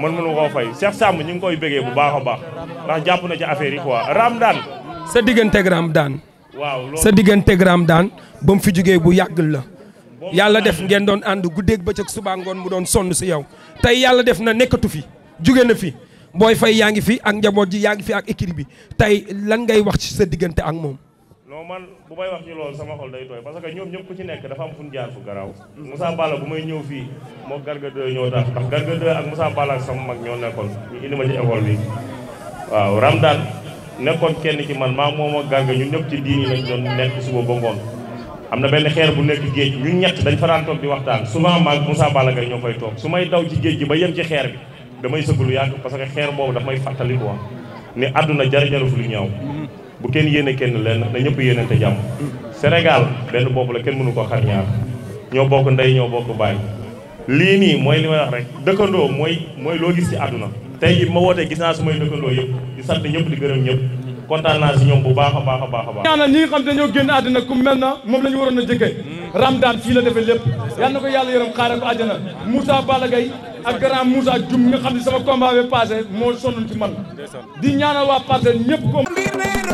man mënu koo fay Cheikh Samb ñu ngi koy bëggee bu baax a baax ndax jàpp na ci affaire yi quoi raam daan. sa digganteeg raam daan. waaw sa digganteeg raam daan ba mu fi jugee bu yàgg la. yàlla def ngeen doon ànd guddeeg bëccëg subaa ngoon mu doon sonn si yow tey yàlla def na nekkatu fi juge na fi booy fay yaa ngi fi ak njaboot ji yaa ngi fi ak équipe bi tey lan ngay wax ci sa diggante ak moom. non man bu may wax ci loolu sama xol day tooy parce que ñoom ñëpp ku ci nekk dafa am fu ñu jaar fu garaaw Moussa Balla bu may ñëw fii moo Garga 2 ñoo tax ndax Garga 2 ak Moussa Balla ak sama ñoo nekkoon ma ci école bi waaw Ramdan nekkoon kenn ci man maa moom ak Garga ñun ñëpp ci diini lañ doon nekk suba ba ngoon am na benn xeer bu nekk géej ñun ñett dañ faraan toog di waxtaan souvent maag Moussa Balla Gaye ñoo fay toog su may daw ci géej gi ba yem ci xeer bi damay sëgg lu yàgg parce que xeer boobu daf may fàttali quoi ni àdduna jarajaru fu lu ñaw bu kenn yéene kenn lenn na ñëpp yéenante jàmm Sénégal benn boobu la kenn mënu ko xar ñaar ñoo bokk ndey ñoo bokk baay lii nii mooy li may wax rek dëkkandoo mooy mooy loo gis ci àdduna te jii ma wootee gis naa su may dëkkandoo yëpp di sant ñëpp di gërëm ñëpp kontaan naa si ñoom bu baax a baax a baax a baax ñaanal ñi nga xam dañoo génn àddina ku mel a jëkkee Ramdaan la defee lépp yal na ko yàlla yërëm xaaral ko àjjana ak grand Moussa Dioum nga xam ne sama combat bi passé moo sonn ci man di ñaanal waa Parcelles ñëpp ko